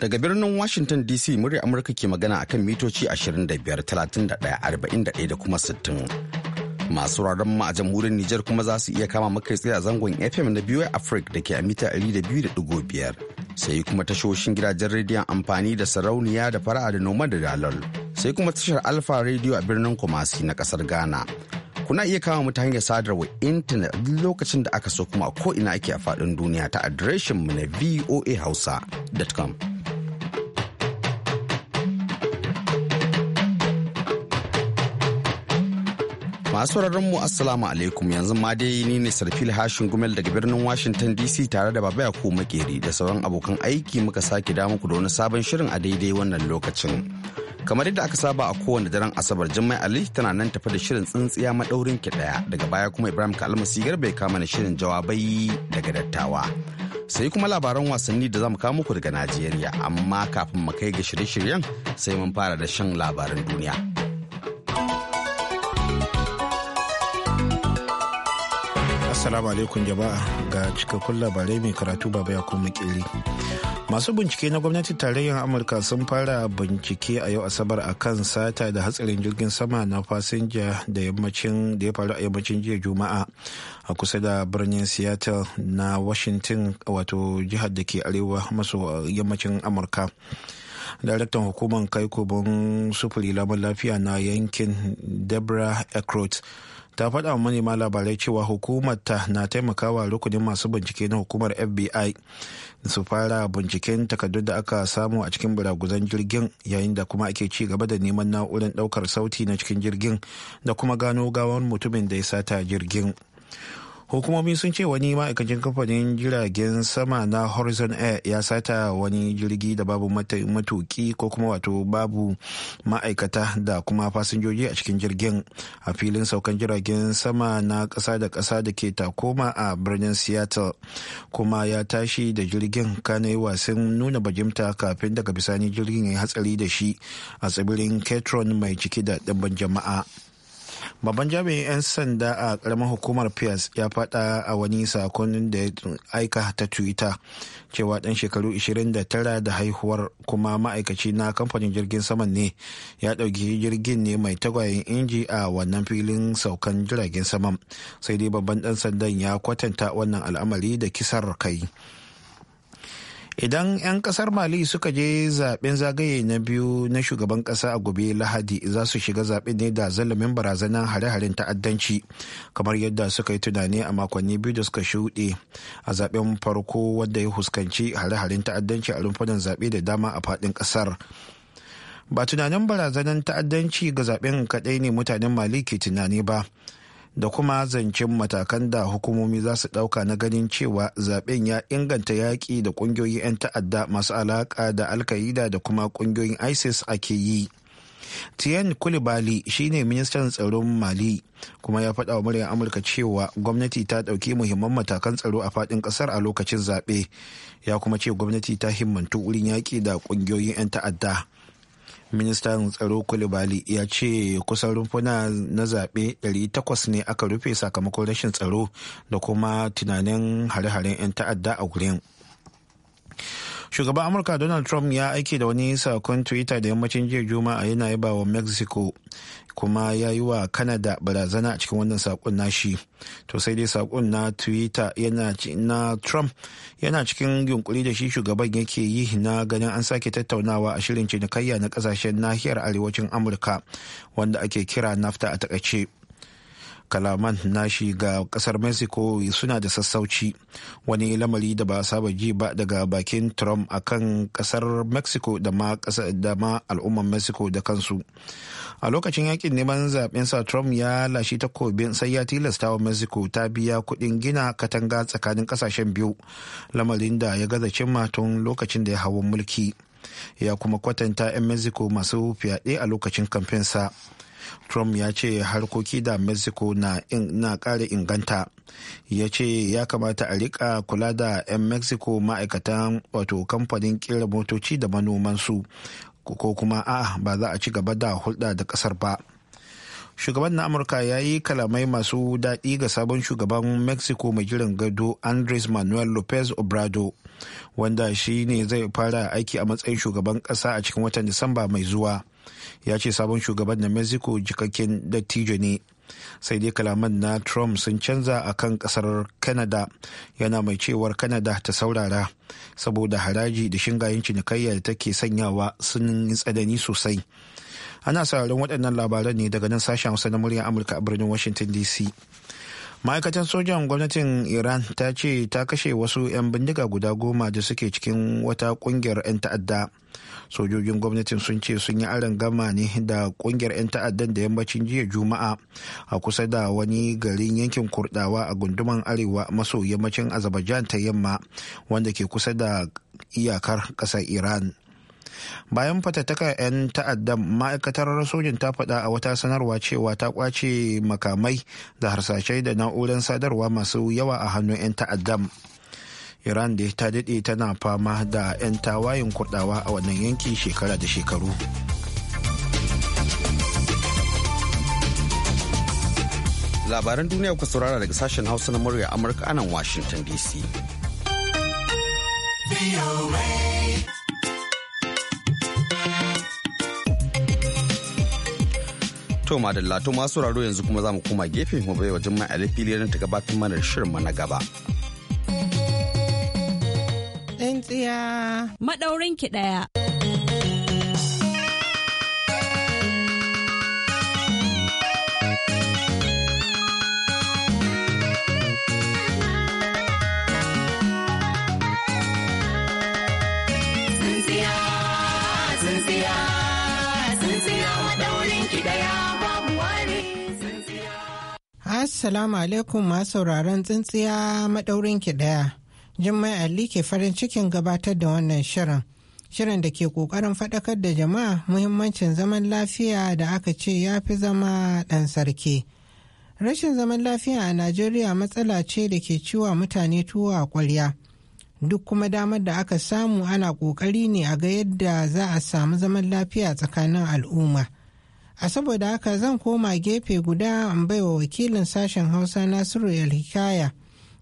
Daga birnin Washington DC murya Amurka ke magana akan mitoci 25, 31, 41 da kuma 60. Masu raron mu a jamhuriyar Nijar kuma za su iya kama maka tsaye a zangon FM na biyu Africa da ke a mita 200.5. Sai kuma tashoshin gidajen rediyon amfani da sarauniya da fara'a da noma da dalol. Sai kuma tashar alpha Radio a birnin Kumasi na kasar Ghana. Kuna iya kama mu ta hanyar sadarwa intanet duk lokacin da aka so kuma ko ina ake a faɗin duniya ta adireshin mu na voahausa.com. Masu mu Assalamu alaikum yanzu ma dai ni ne Sarfil Hashin Gumel daga birnin Washington DC tare da Baba Yakubu Makeri da sauran abokan aiki muka sake da muku da wani sabon shirin a daidai wannan lokacin. Kamar yadda aka saba a kowane daren Asabar Jummai Ali tana nan tafi da shirin tsintsiya maɗaurin ki daya daga baya kuma Ibrahim Kalmasi Garba ya kama shirin jawabai daga dattawa. Sai kuma labaran wasanni da zamu kawo muku daga Najeriya amma kafin mu kai ga shirye-shiryen sai mun fara da shan labaran duniya. Assalamu alaikum jama'a ga cikakkun labarai mai karatu baba ya kuma kiri. Masu bincike na gwamnatin tarayyar Amurka sun fara bincike a yau Asabar a kan sata da hatsarin jirgin sama na fasinja da yammacin da ya faru a yammacin jiya Juma'a a kusa da birnin Seattle na Washington wato jihar da ke arewa maso eh, yammacin Amurka. daraktan hukumar kai kubin sufuri lamun lafiya na yankin deborah ecrot. ta faɗa wa manema labarai cewa hukumar ta na taimakawa rukunin masu bincike na hukumar fbi su fara binciken takardun da aka samu a cikin buraguzan jirgin yayin da kuma ake ci gaba da neman na'urar ɗaukar sauti na cikin jirgin da kuma gano gawar mutumin da ya sata jirgin hukumomi sun ce wani ma'aikacin kamfanin jiragen sama na horizon air ya sata wani jirgi da babu matuki ko kuma wato babu ma'aikata da kuma fasinjoji a cikin jirgin a filin saukan jiragen sama na kasa da kasa da ke takoma a birnin seattle kuma ya tashi da jirgin kane wasan nuna bajimta kafin daga bisani jirgin ya hatsari da shi a tsibirin ketron mai ciki da ɗimbin jama'a. babban jami'in 'yan sanda a karamar hukumar pierce ya fada a wani sakon da ya aika ta twitter cewa dan shekaru 29 da haihuwar kuma ma'aikaci na kamfanin jirgin saman ne ya dauki jirgin ne mai tagwayen inji a wannan filin saukan jiragen saman sai dai babban dan sandan ya kwatanta wannan al'amari da kisar kai idan 'yan kasar mali suka je zaben zagaye na biyu na shugaban kasa a gobe lahadi za su shiga zaɓe ne da zalumin barazanar hare-haren ta'addanci kamar yadda suka yi tunani a makonni biyu da suka shuɗe a zaben farko wanda ya huskanci hare-haren ta'addanci a rumfunan zaɓe da dama a faɗin ƙasar ba tunanin barazanar ta'addanci ga zaben kaɗai ne mutanen mali ke tunani ba da kuma zancen matakan da hukumomi za su ɗauka na ganin cewa zaben ya inganta yaƙi da ƙungiyoyin 'yan ta'adda masu alaƙa da alka'ida da kuma ƙungiyoyin isis ake yi tien kulibali shine ministan tsaron mali kuma ya faɗa wa muryar amurka cewa gwamnati ta ɗauki muhimman matakan tsaro a faɗin ƙasar a lokacin zaɓe ya kuma ce gwamnati ta himmantu wurin yaƙi da ƙungiyoyin 'yan ta'adda ministan tsaro kulibali ya ce kusan rumfuna na zaɓe 800 ne aka rufe sakamakon rashin tsaro da kuma tunanin hare-haren 'yan ta'adda a gurin shugaban amurka donald trump ya aiki da wani sakon twitter da yammacin jiya juma'a yana yaba wa mexico kuma ya yi wa canada barazana a cikin wannan sakon nashi to sai dai sakon na twitter yana na trump yana cikin yunkuri da shi shugaban yake yi na ganin an sake tattaunawa a shirin cinikayya na kasashen nahiyar arewacin amurka wanda ake kira nafta a takaice kalaman nashi ga kasar mexico suna da sassauci wani lamari da ba saba ji ba daga bakin trump kan kasar mexico da ma, al'umman mexico da kansu a lokacin yakin neman zaben sa trump ya lashe takobin sai ya tilasta wa mexico ta biya kudin gina katanga tsakanin kasashen biyu lamarin da ya gaza cimma tun lokacin da ya hawan mulki ya kuma kwatanta 'yan mexico masu fyaɗe a lokacin kamfensa. trump ya ce harkoki da mexico na, in, na ƙara inganta ya ce ya kamata a rika kula da 'yan mexico ma'aikatan wato kamfanin kera motoci da manomansu ko kuma a ba za a ci gaba da hulɗa da ƙasar ba shugaban na amurka ya yi kalamai masu daɗi ga sabon shugaban mexico mai jiran gado andres manuel lopez obrado wanda shi ne zai fara aiki a matsayin shugaban ƙasa a cikin watan disamba mai zuwa ya ce sabon shugaban na mexico jikakken dattijo ne sai dai kalaman na trump sun canza a kan kasar canada yana mai cewar canada ta saurara saboda haraji da shingayen cinikayya da take sanyawa sun yi tsanani sosai ana sauraron waɗannan labaran ne daga nan sashen hausa na muryar amurka a birnin washington dc ma'aikatan sojan gwamnatin iran ta ce ta kashe wasu 'yan bindiga guda goma da suke cikin wata kungiyar 'yan ta'adda sojojin gwamnatin sun ce sun yi aron gama ne da kungiyar 'yan ta'addan da yammacin jiya juma'a a kusa da wani garin yankin kurdawa a gunduman arewa maso yammacin azerbaijan ta yamma wanda ke kusa da iyakar ƙasar iran bayan fatattaka 'yan ta'addan ma'aikatar sojin ta faɗa a wata sanarwa cewa ta kwace makamai da harsashai da na'urar sadarwa masu yawa a hannun 'yan ta'addan iran da ta daɗe tana fama da 'yan tawayin kurdawa a wannan yanki shekara da shekaru labaran duniya ku saurara daga sashen hausa na murya amurka anan washington dc To madalla to masu raro yanzu kuma za mu koma gefe mu bai wa fili ran ta gabatar mana shirin na gaba. Tsintsiya. Madaurin ki ɗaya. Assalamu alaikum masu sauraron tsintsiya maɗaurin ki ɗaya. Jummai Ali ke farin cikin gabatar da wannan shirin. Shirin da ke ƙoƙarin faɗakar da jama'a muhimmancin zaman lafiya da aka ce ya fi zama ɗan sarki. Rashin zaman lafiya a Najeriya matsala ce da ke ciwa mutane tuwo a ƙwarya. Duk kuma damar da aka samu ana ƙoƙari ne a ga yadda za a samu zaman lafiya tsakanin al'umma. a saboda haka zan koma gefe guda in baiwa wakilin sashen hausa nasiru hikaya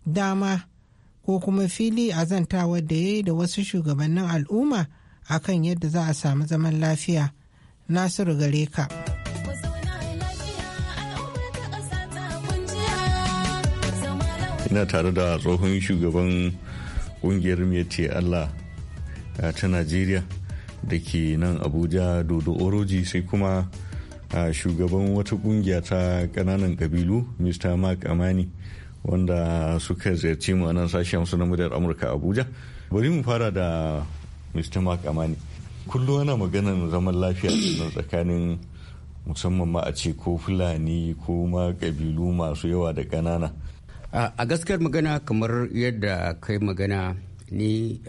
dama ko kuma fili a zantawar da ya yi da wasu shugabannin al'umma akan yadda za a samu zaman lafiya nasiru gare ka. ina tare da tsohon shugaban kungiyar mai allah eh, ta najeriya da ke nan abuja dodo oroji sai kuma a shugaban wata kungiya ta kananan kabilu mr mark amani wanda suka ziyarci mu anan sashen su na muryar amurka abuja bari mu fara da mr mark amani kullum ana maganar zaman lafiya tsakanin musamman ma a ce ko fulani ko ma kabilu masu yawa da ƙanana a gaskiyar magana kamar yadda kai magana ni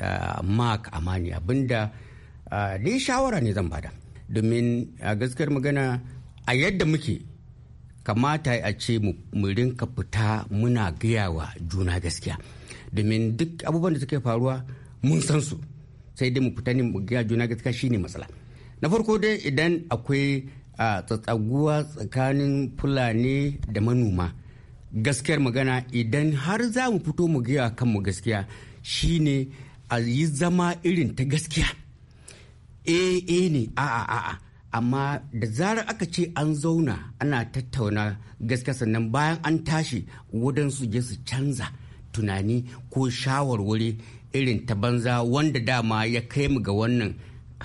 mark amani abinda ni shawara ne zan bada domin a gaskiyar magana a yadda muke kamata a ce mu rinka fita muna gayawa juna gaskiya domin duk abubuwan da suke faruwa mun san su sai dai mu fita ne mu gaya juna gaskiya shine matsala na farko dai idan akwai tsatsaguwa tsakanin fulani da manoma gaskiyar magana idan har za mu fito mu gaya kanmu gaskiya shine a yi zama irin ta gaskiya eh eh ne a'a a amma da zarar aka ce an zauna ana tattauna gaskiya sannan bayan an tashi su je su canza tunani ko shawarwari irin ta banza wanda dama ya kai mu ga wannan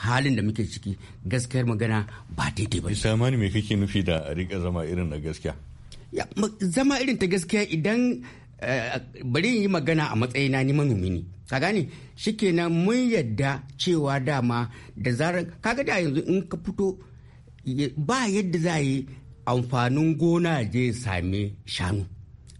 halin da muke ciki gaskiyar magana ba daidai ba. Samani me kake nufi da rika zama irin na gaskiya? Zama irin ta gaskiya idan eh, bari yi magana a matsayina ni manomi ne. ka gane shikenan mun yadda cewa dama da zarar kaga da yanzu in ka fito ba yadda za yi amfanin gona je same shanu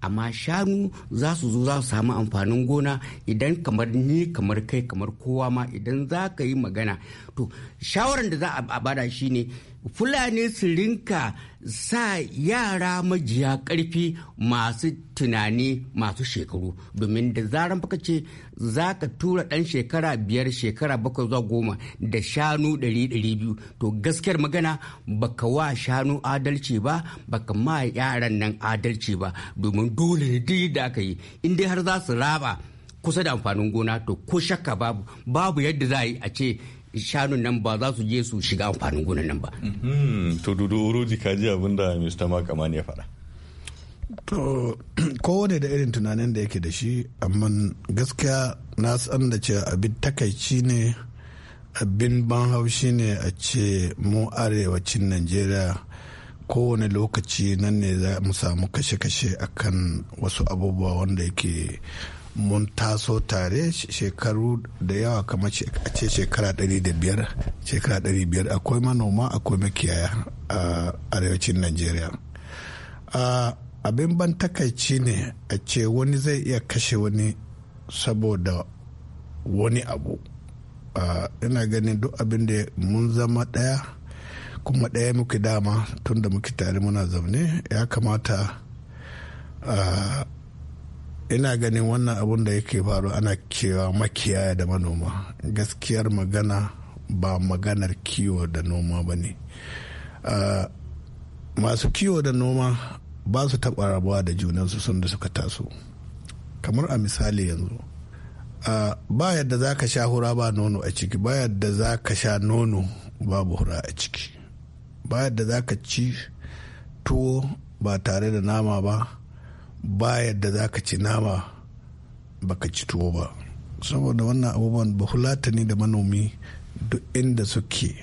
amma shanu za su zo za su samu amfanin gona idan kamar ni kamar kai kamar kowa ma idan za ka yi magana to shawaran da za a bada shine ne fulani su rinka sa yara majiya ƙarfi masu tunani masu shekaru domin da zaran baka ce za ka tura ɗan shekara biyar shekara bakwai zuwa goma da shanu ɗari ɗari biyu to gaskiyar magana baka wa shanu adalci ba baka ma yaran nan adalci ba domin dole ne duk da aka yi in dai har za su raba kusa da amfanin gona to ko shakka babu babu yadda za a yi a ce shanun nan ba za su je su shiga amfanin gonan nan ba. Hmm, to dudu uroji ka abin da Mr. Makamani ya faɗa. To kowane da irin tunanin da yake da shi amma gaskiya na san da ce abin takaici ne abin ban haushi ne a ce mu arewacin Najeriya kowane lokaci nan ne za mu samu kashe-kashe akan wasu abubuwa wanda yake mun taso tare shekaru da yawa kamar a ce shekara 500 shekara 500 akwai manoma akwai makiyaya a arewacin najeriya abin ban takaici ne a ce wani zai iya kashe wani saboda wani abu ina ganin duk abin da mun zama ɗaya kuma ɗaya muke dama tun da muke tare muna zaune ya kamata ina ganin wannan abun da yake faru ana kewa makiyaya da manoma gaskiyar magana ba maganar kiwo da noma ba ne ah, masu kiwo da noma ba su taɓa rabuwa da junansu sun da suka taso kamar a misali yanzu ah, ba yadda za ka sha hura ba nono a ciki ba yadda za ka sha nono babu hura a ciki ba yadda za ka ci tuwo ba tare da nama ba ba yadda za ka ci nama baka ci tuwo ba saboda wannan abubuwan bahulata ne da manomi duk inda suke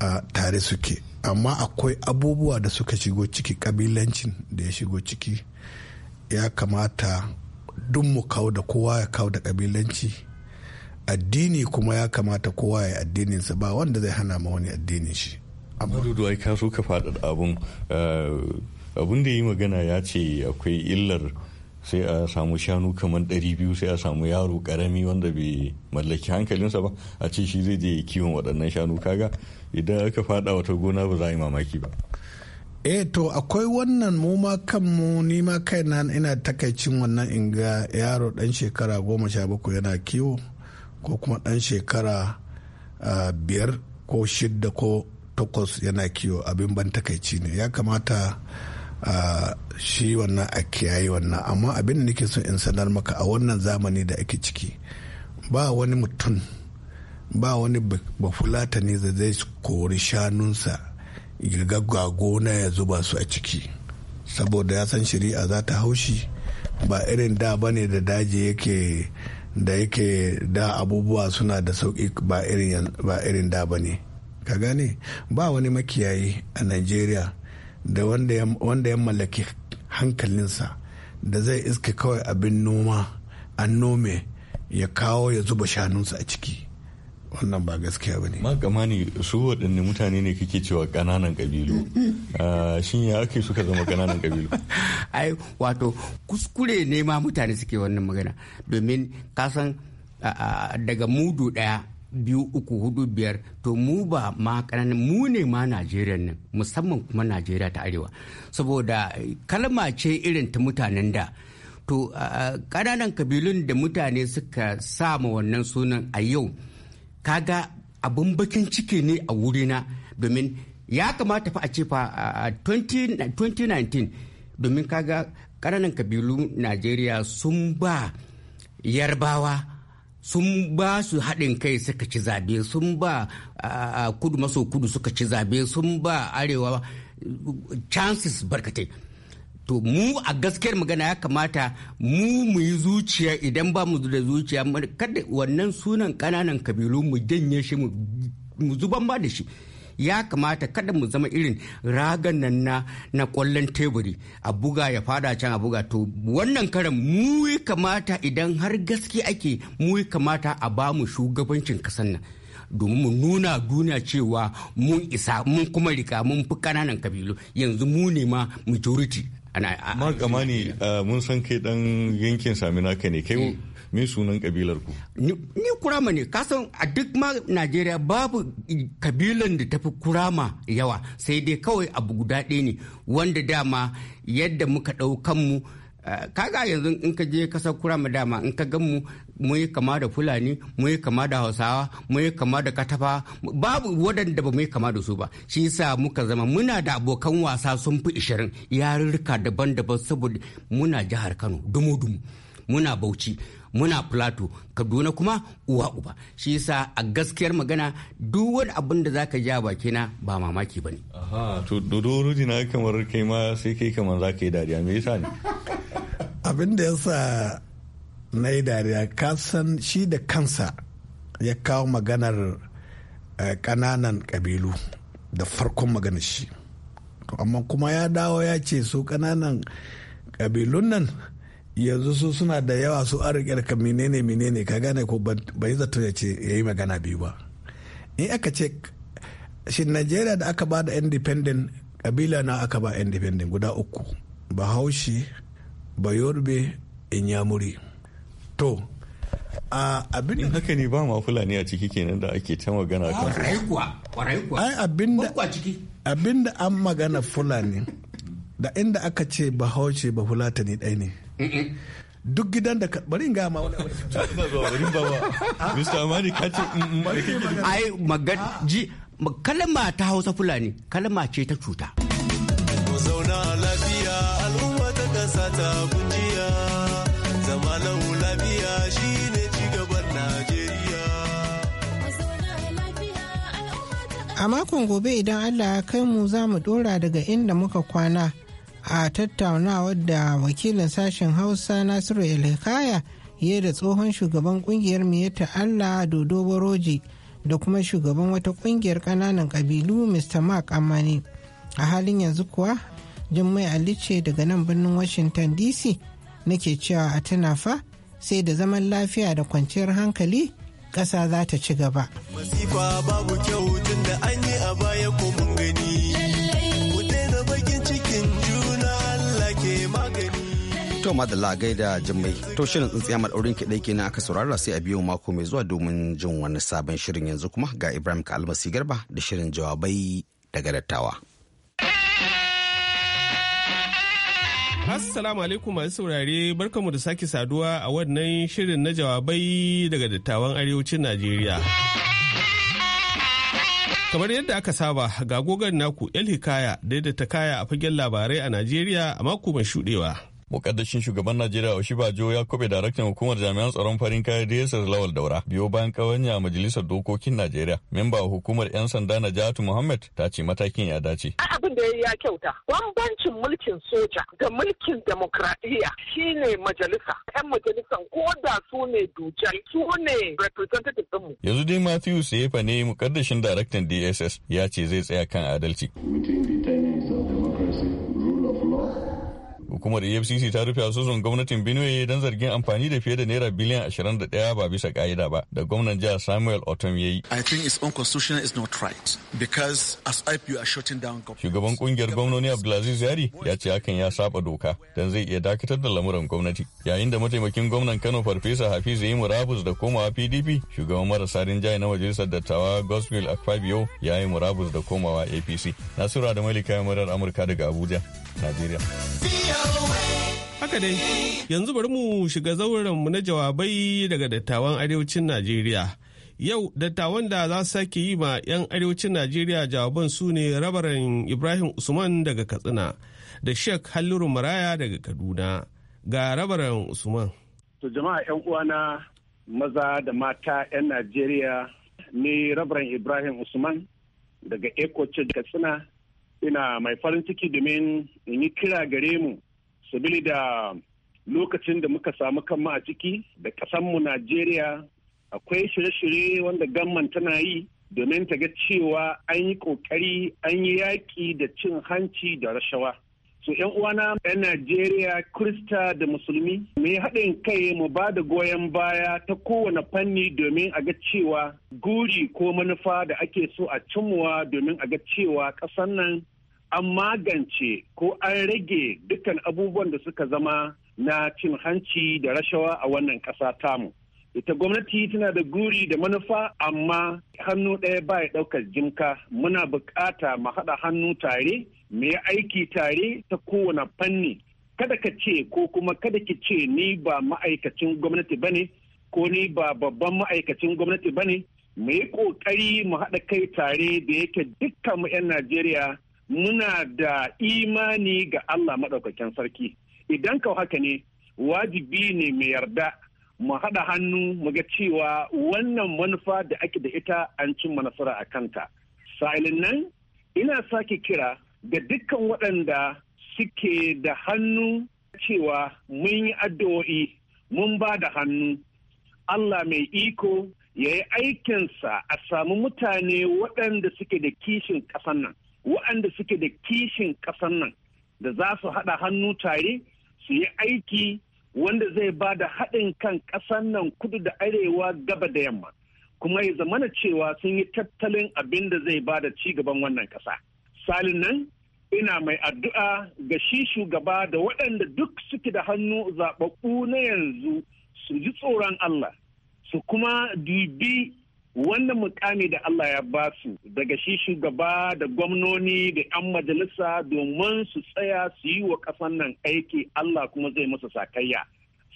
a tare suke amma akwai abubuwa da suka shigo ciki kabilancin da ya shigo ciki ya kamata duk mu kawo da kowa ya kawo da kabilanci addini kuma ya kamata kowa ya addininsa ba wanda zai hana ma wani addinin shi amma dudu ai ka so ka faɗaɗa abun eh, abin da ya yi magana ya ce akwai illar sai a samu shanu kamar ɗari biyu sai a samu yaro ƙarami wanda bai mallaki hankalinsa ba a ce shi zai je kiwon waɗannan shanu kaga idan aka faɗa wata gona ba za a yi mamaki ba eh to akwai wannan mu ma kanmu ni ma kaina ina takaicin wannan in ga yaro ɗan shekara goma sha bakwai yana kiwo ko kuma ɗan shekara biyar ko shidda ko takwas yana kiwo abin ban takaici ne ya kamata shi wannan a kiyaye wannan amma abin da nake so in sanar maka a wannan zamani da ake ciki ba wani mutum ba wani bafulata ne da zai kori shanunsa girgagwa gona ya zuba su a ciki saboda ya san shari'a za ta haushi ba irin da ba ne da daji yake da yake da abubuwa suna da sauki ba irin da ba ne ka gane ba wani makiyayi a nigeria da wanda ya mallaki hankalinsa da zai iske kawai abin noma an nome ya kawo ya zuba shanunsa a ciki wannan ba gaskiya ba ne. Magama ne su waɗanne mutane ne kake cewa ƙananan ƙabilu. Ah, shin ya ake suka zama ƙananan ƙabilu? Ai, wato kuskure ne ma mutane suke wannan magana. Domin kasan daga mudu ɗaya biyu uku hudu biyar to mu ba ma kananan mu ne ma najeriya nan musamman kuma najeriya ta arewa saboda kalma ce irin ta mutanen da to ƙananan kabilun da mutane suka sama wannan sunan a yau kaga abin bakin ciki ne a wurina domin ya kamata fa a ce fa a 2019 domin kaga kananan kabilun najeriya sun ba yarbawa sun ba su haɗin kai suka ci zabe sun ba a kudu maso kudu suka ci zabe sun ba arewa chances barkatai to mu a gaskiyar magana ya kamata mu mu yi zuciya idan ba mu da zuciya kada wannan sunan kananan kabilu mu janye shi mu zuban ba da shi ya kamata kada mu zama irin ragan nan na na kwallon teburi a buga ya fada can a buga to wannan karan mu kamata idan har gaske ake mu kamata a ba mu shugabancin kasan nan domin mu nuna duniya cewa mun isa mun kuma rika mun fi kananan kabilu yanzu mu ne ma majority gama ne ah, mun san kai dan yankin sami naka ne kai eh. min sunan kabilar ku ni kurama ne kasan a duk ma najeriya babu kabilan da tafi kurama yawa sai dai kawai abu guda ɗaya ne wanda dama yadda muka ɗaukan mu kaga eh, yanzu in ka je kasar kurama dama in ka gan mu mu yi kama da fulani mu yi kama da hausawa mu yi kama da katafa babu waɗanda ba mu yi kama da su ba shi yasa muka zama muna da abokan wasa sun fi ishirin yarurruka daban-daban saboda muna jihar kano dumu-dumu muna bauchi muna plato kaduna kuma uwa uba shi yasa a gaskiyar magana duk wani abin da zaka ja baki na ba mamaki bane aha to dodo rujina kamar kai ma sai kai kamar zaka yi dariya me yasa ne abin da yasa na yi dariya ka san shi da kansa ya kawo maganar kananan eh, kabilu da farkon maganar shi amma kuma ya dawo ya ce so kananan kabilun nan yanzu su suna da yawa su an riƙe ka menene menene ka gane ko bai zato ya ce ya yi magana biyu ba in aka ce shi najeriya da aka ba da independent kabila na aka ba independent guda uku bahaushe bayorbe inyamuri to a abin in haka ne ba ma fulani a ciki kenan da ake ta magana kan ai abinda abinda an magana fulani da inda aka ce bahaushe ba ne ɗaya ne Eh, eh. duk gidan da ka bari in gama wani bari ba ba ah. Mr. Amadi ka ce mm, mm, ai magan ah. ji kalma ta Hausa Fulani kalma ce ta cuta zauna lafiya al'umma ta kasa ta kujiya zama lafiya shine cigaban Najeriya a makon gobe idan Allah ya kai mu za mu dora daga inda muka kwana a tattaunawar da wakilin sashen hausa nasiru elhikaya ya da tsohon shugaban kungiyar miyata allah dodo boroji da kuma shugaban wata kungiyar kananan kabilu mr mark amani a halin yanzu kuwa jummai alice daga nan birnin washington dc nake cewa a tana fa sai da zaman lafiya da kwanciyar hankali ƙasa za ta ci gaba. Masifa babu kyau tun da an yi a baya ko mun gani. da lagai gaida jimmai to shirin tsintsiya maɗaurin kiɗai kenan aka saurara sai a biyo mako mai zuwa domin jin wani sabon shirin yanzu kuma ga Ibrahim ka almasi Garba da shirin jawabai daga dattawa. Assalamu alaikum masu saurare barkamu da sake saduwa a wannan shirin na jawabai daga dattawan arewacin Najeriya. Kamar yadda aka saba ga gogon naku El Hikaya daidaita kaya a fagen labarai a Najeriya a mako mai shuɗewa. mukaddashin shugaban najeriya oshibajo ya kobe daraktan hukumar jami'an tsaron farin da yasar lawal daura biyo bayan kawanya a majalisar dokokin najeriya memba hukumar yan sanda na jatu muhammad ta ce matakin ya dace abin da ya kyauta bambancin mulkin soja da mulkin demokradiyya shine majalisa yan majalisan ko da su ne dujal su ne representative ɗinmu yanzu dai matthew sefa ne mukaddashin daraktan dss ya ce zai tsaya kan adalci Hukumar EFCC ta rufe asusun gwamnatin Benue don zargin amfani da fiye da naira biliyan 21 ba bisa ka'ida ba da gwamnan jihar Samuel Otom ya yi. I think it's unconstitutional is not right because as IP you are shutting down Shugaban kungiyar gwamnoni Abdulaziz Yari ya ce hakan ya saba doka don zai iya dakatar da lamuran gwamnati. Yayin da mataimakin gwamnan Kano Farfesa Hafiz yi murabus da komawa PDP shugaban marasa rinjaye na majalisar dattawa Gospel Akpabio ya yi murabus da komawa APC. Nasura da Malika Murar Amurka daga Abuja, Najeriya. Haka dai, yanzu bari mu shiga zaurenmu na jawabai daga dattawan arewacin Najeriya. Yau dattawan da za su sake yi ma 'yan arewacin Najeriya jawaban su ne rabaran Ibrahim Usman daga Katsina da Sheikh Halliru Maraya daga Kaduna ga rabaran Usman. To jama'a 'yan uwana maza da mata 'yan Najeriya ne rabaran Ibrahim Usman daga Eko Katsina ina mai farin ciki domin in yi kira gare mu sabili da lokacin da muka samu kanmu a ciki da ƙasanmu najeriya akwai shirye-shirye wanda gamman tana yi domin ta ga cewa an yi ƙoƙari an yi yaƙi da cin hanci da rashawa So ‘yan uwana ‘yan Najeriya, Krista da Musulmi, mu haɗin kai mu ba da goyon baya ta kowane fanni domin a ga cewa guri ko manufa da ake so a cimuwa domin a ga cewa ƙasar nan an magance ko an rage dukkan abubuwan da suka zama na cin hanci da rashawa a wannan ƙasa tamu. ita gwamnati tana da guri da manufa amma hannu ɗaya ba ya ɗaukar jimka muna buƙata mu haɗa hannu tare mu yi aiki tare ta kowane fanni kada ka ce ko kuma kada ki ce ni ba ma'aikacin gwamnati ba ne ko ni ba babban ma'aikacin gwamnati ba ne mu yi ƙoƙari mu haɗa kai tare da yake dukkan mu 'yan najeriya muna da imani ga allah maɗaukakin sarki idan ka haka ne wajibi ne mu yarda mu haɗa hannu mu ga cewa wannan manufa da ake da ita an cin nasara a kanta. Sa'ilin nan ina sake kira ga dukkan waɗanda suke da hannu cewa mun yi addu'o'i mun ba da hannu. Allah mai iko ya yi aikinsa a samu mutane waɗanda suke da kishin ƙasan nan, waɗanda suke da kishin ƙasan nan da za su haɗa hannu tare su yi aiki wanda zai ba da haɗin kan ƙasar nan kudu da arewa gaba da yamma kuma ya zamana cewa sun yi tattalin abin da zai ba da ci gaban wannan ƙasa. Salin nan ina mai addu'a ga shi shugaba da waɗanda duk suke da hannu zaɓaɓɓu na yanzu su ji tsoron Allah su kuma dubi wannan mukami da Allah ya ba su daga shi shugaba da gwamnoni da 'yan majalisa domin su tsaya su yi wa ƙasan nan aiki Allah kuma zai masa sakayya.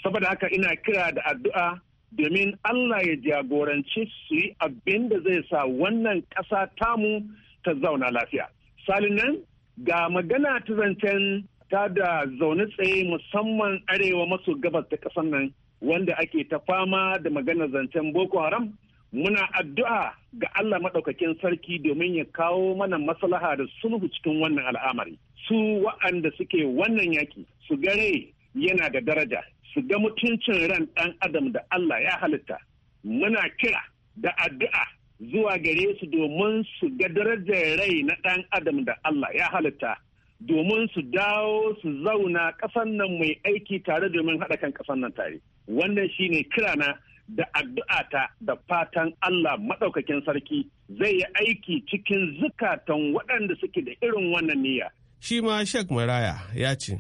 Saboda haka ina kira da addu'a domin Allah ya jagoranci su yi abin da zai sa wannan ƙasa tamu ta zauna lafiya. Salinan ga magana ta zancen ta da zaune tsaye musamman arewa maso gabas ta ƙasar nan wanda ake ta fama da maganar zancen Boko Haram. muna addu'a ga Allah maɗaukakin sarki domin ya kawo mana maslaha da sulhu cikin wannan al'amari. Su wa'anda suke wannan yaki su gare yana da daraja, su ga mutuncin ran ɗan adam da Allah ya halitta. Muna kira da addu'a zuwa gare su domin su ga darajar rai na ɗan adam da Allah ya halitta. Domin su dawo su zauna ƙasan nan mai aiki tare domin haɗa kan ƙasan nan tare. Wannan shine kirana da addu'ata da fatan Allah maɗaukakin sarki zai yi aiki cikin zukatan waɗanda suke da irin wannan niyya. Shi ma Sheikh Maraya ya ce.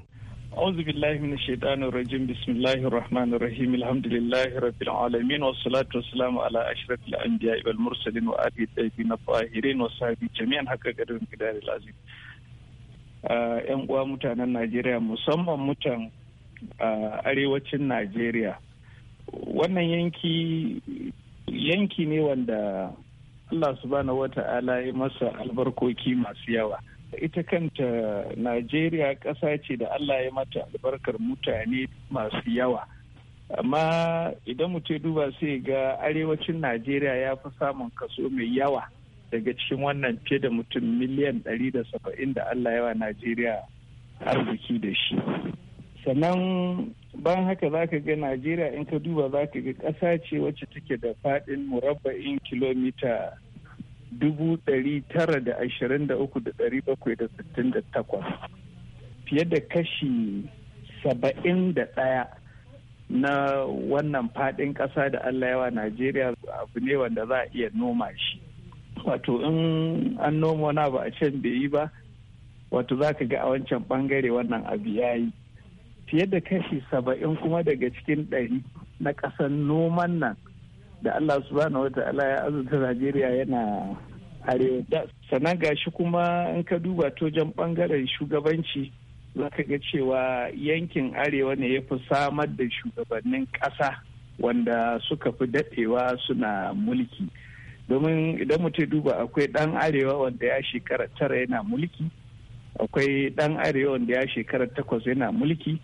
A'udhu billahi minash shaitanir rajim bismillahir rahmanir rahim alhamdulillahi rabbil alamin salatu was salamu ala ashrafil anbiya wal mursalin wa ali tayyibin tahirin jami'an haka gadon gidaril azim. Ah, ‘Yan uwa mutanen Najeriya, musamman mutan ah, arewacin Najeriya, wannan yanki yanki ne wanda Allah subhanahu wata ta'ala ya masa albarkoki masu yawa ita kanta Najeriya ƙasa ce da Allah ya mata albarkar mutane masu yawa amma idan mutum duba sai ga arewacin Najeriya ya fi samun kaso mai yawa daga cikin wannan fiye da mutum miliyan ɗari da saba'in da Allah yawa Najeriya arziki da shi sannan bayan haka za ka ga najeriya in ka duba za ka ga ƙasa ce wacce take da faɗin murabba'in kilomita dubu ɗari tara da ashirin da uku da ɗari bakwai da sittin da takwas fiye da kashi saba'in da ɗaya na wannan faɗin ƙasa da allah yawa najeriya abu ne wanda za a iya noma shi wato in an noma wani abu a can bai yi ba wato za ka ga a wancan ɓangare wannan abu ya yi fiye da kashi saba'in kuma daga cikin ɗari na ƙasar noman nan da Allah subhanahu wata'ala ya azurta Najeriya yana arewa. Sannan shi kuma in ka duba tojan ɓangaren shugabanci za ka ga cewa yankin arewa ne ya fi samar da shugabannin ƙasa wanda suka fi daɗewa suna mulki. Domin idan mutum duba akwai ɗan arewa wanda ya shekara tara yana mulki, akwai ɗan arewa wanda ya shekara takwas yana mulki.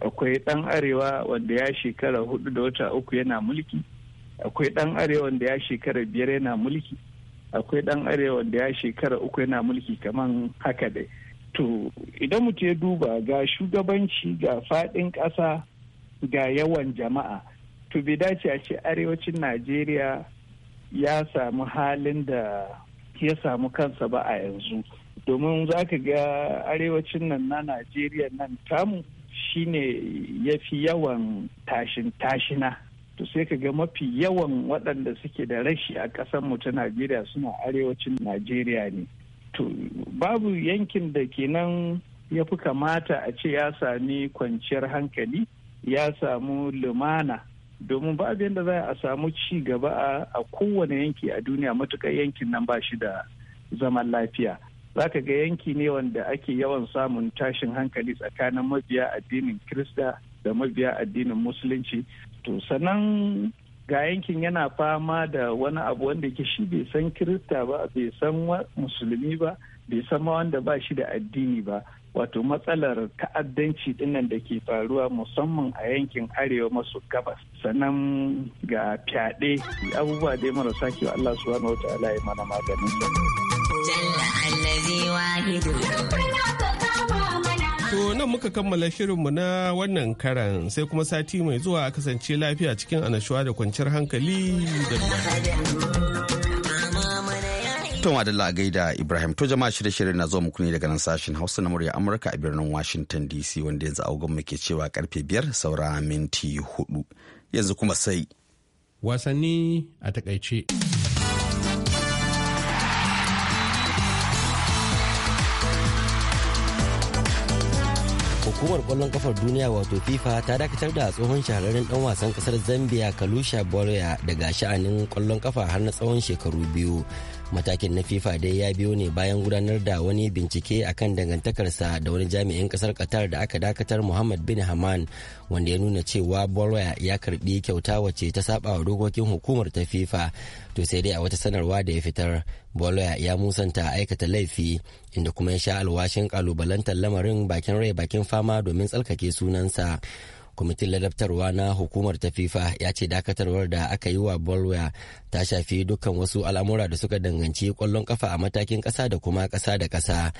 akwai ɗan arewa wanda ya shekara hudu da wata uku yana mulki akwai ɗan arewa wanda ya shekara biyar yana mulki akwai ɗan arewa wanda ya shekara uku yana mulki kaman haka dai to idan mutum ya duba ga shugabanci ga faɗin ƙasa ga yawan jama'a to bai dace a ce arewacin najeriya ya samu halin da ya samu kansa ba a yanzu domin za ka ga arewacin nan na najeriya nan tamu shine ya fi yawan tashin tashina to sai ka ga mafi yawan waɗanda suke da rashi a ƙasar mu ta najeriya suna arewacin najeriya ne to babu yankin da kenan ya fi kamata a ce ya sami kwanciyar hankali ya samu lumana domin babu yadda za a samu ci gaba a kowane yanki a duniya matuƙar yankin nan ba shi da zaman lafiya za ka ga yanki ne wanda ake yawan samun tashin hankali tsakanin mabiya addinin krista da mabiya addinin musulunci to sannan ga yankin yana fama da wani abu wanda ke shi bai san kirista ba bai san musulmi ba bai san ma wanda ba shi da addini ba wato matsalar ta'addanci dinnan da ke faruwa musamman a yankin arewa maso gabas sannan ga fyaɗe abubuwa dai marasa kyau Allah su wa ta'ala ya mana maganin jalla allazi wahidu To nan muka kammala shirinmu na wannan karan sai kuma sati mai zuwa a kasance lafiya cikin anashuwa da kwanciyar hankali da Tom Adalla gaida Ibrahim to jama'a shirye shirye na zo muku daga nan sashen Hausa na murya Amurka a birnin Washington DC wanda yanzu augun muke cewa karfe biyar saura minti hudu yanzu kuma sai wasanni a takaice. hukumar kwallon kafar duniya wato fifa ta dakatar da tsohon shahararren dan wasan kasar zambia kalusha boria daga sha'anin kwallon kafa har na tsawon shekaru biyu matakin na fifa dai ya biyo ne bayan gudanar da wani bincike akan dangantakarsa da wani jami'in kasar qatar da aka dakatar muhammad bin haman wanda ya nuna cewa bolwaya ya karbi kyauta wacce ta saba wa dokokin hukumar ta fifa to sai dai a wata sanarwa da ya fitar bolwaya ya musanta aikata laifi inda kuma ya sha alwashin kalubalantar lamarin bakin rai bakin fama domin tsalkake sunansa kwamitin ladabtarwa na hukumar ta fifa ya ce dakatarwar da aka yi wa bolwa ta shafi dukkan wasu al'amura da suka danganci kwallon kafa a matakin kasa da kuma kasa da kasa.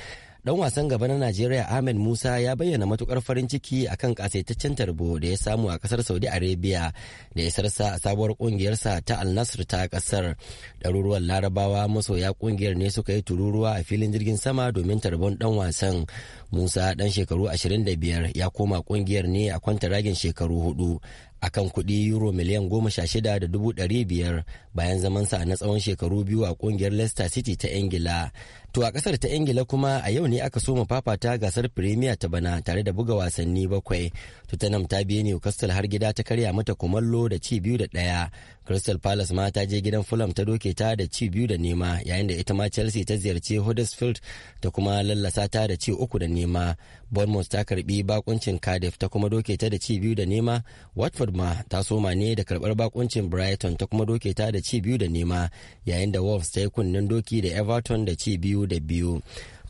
Dan wasan gaba na Najeriya Ahmed Musa ya bayyana matukar farin ciki akan kasaitaccen tarbo da ya samu a kasar Saudi Arabia da ya sarsa a sabuwar kungiyarsa ta Al Nasr ta kasar. Ɗaruruwan Larabawa masoya kungiyar ne suka yi tururuwa a filin jirgin sama domin tarbon dan wasan. Musa dan shekaru 25 ya koma kungiyar ne a ragin shekaru hudu a kan kuɗi euro miliyan goma sha shida da dubu ɗari biyar bayan zamansa na tsawon shekaru biyu a ƙungiyar leicester city ta ingila to a ƙasar ta ingila kuma a yau ne aka soma fafata gasar premier ta bana tare da buga wasanni bakwai tottenham ta biye newcastle har gida ta karya mata kumallo da ci biyu da ɗaya crystal palace ma ta je gidan fulham ta doke ta da ci biyu da nema yayin da ita ma chelsea ta ziyarci huddersfield ta kuma lallasa ta da ci uku da nema bournemouth ta karbi bakuncin cardiff ta kuma doke ta da ci biyu da nema watford ma ta soma ne da karbar bakuncin brighton ta kuma doke ta da ci biyu da nema yayin da wolves ta yi kunnen doki da everton da ci biyu da biyu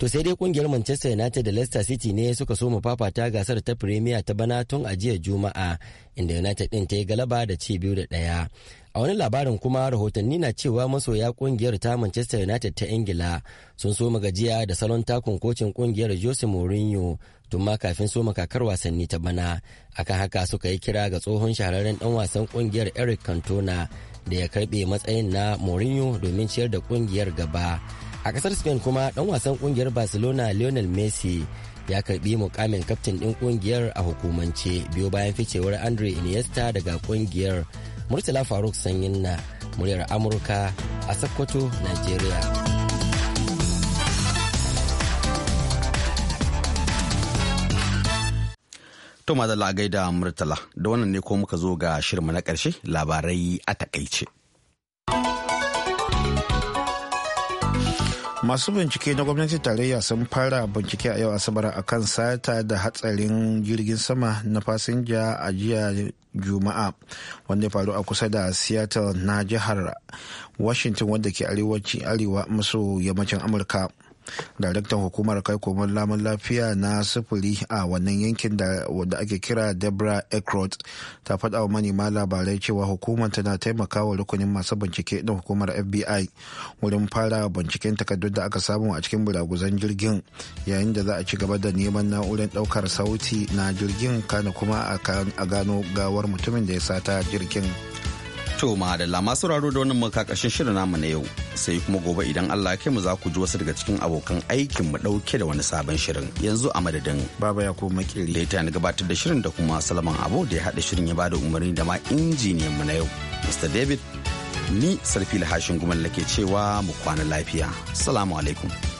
To sai dai kungiyar Manchester United da Leicester City ne suka soma fafata gasar ta Premier ta bana tun a jiya Juma'a inda United din ta yi galaba da ci biyu da ɗaya. A wani labarin kuma rahotanni na cewa masoya kungiyar ta Manchester United ta Ingila sun soma gajiya da salon takun kocin kungiyar Jose Mourinho tun ma kafin soma kakar wasanni ta bana. Akan haka suka yi kira ga tsohon shahararren dan wasan kungiyar Eric Cantona da ya karbe matsayin na Mourinho domin ciyar da kungiyar gaba. a kasar spain kuma dan wasan kungiyar barcelona lionel messi ya karbi mukamin kaftin din kungiyar a hukumance biyo bayan ficewar andre iniesta daga kungiyar murtala faruk sanyin na muryar amurka a sokoto nigeria to da a gaida murtala da wannan ne ko muka zo ga shirma na karshe labarai a takaice masu bincike na gwamnatin tarayya sun fara bincike a yau asabar a kan sata da hatsarin jirgin sama na fasinja a jiya juma'a wanda ya faru a kusa da seattle na jihar washington wanda ke arewa maso yammacin amurka daraktan hukumar kai komon lamun lafiya na sufuri a wannan yankin da ake kira debra ekrod ta faɗa wa manema labarai cewa hukumar tana taimakawa rukunin masu bincike na hukumar fbi wurin fara binciken takardun da aka samu a cikin buraguzan jirgin yayin da za a ci gaba da neman na'urar ɗaukar sauti na jirgin kana kuma a gano gawar mutumin da ya sata jirgin. To ma da lama sauraro da wannan makakashin shirin namu na yau sai kuma gobe idan Allah ya mu za ku ji wasu daga cikin abokan aikin mu dauke da wani sabon shirin yanzu a madadin baba ya ko makiri da ita gabatar da shirin da kuma Salman Abo da ya hada shirin ya bada umarni da ma injiniyan mu na yau Mr David ni sarfi lahashin Gumal nake cewa mu kwana lafiya. Salamu alaikum.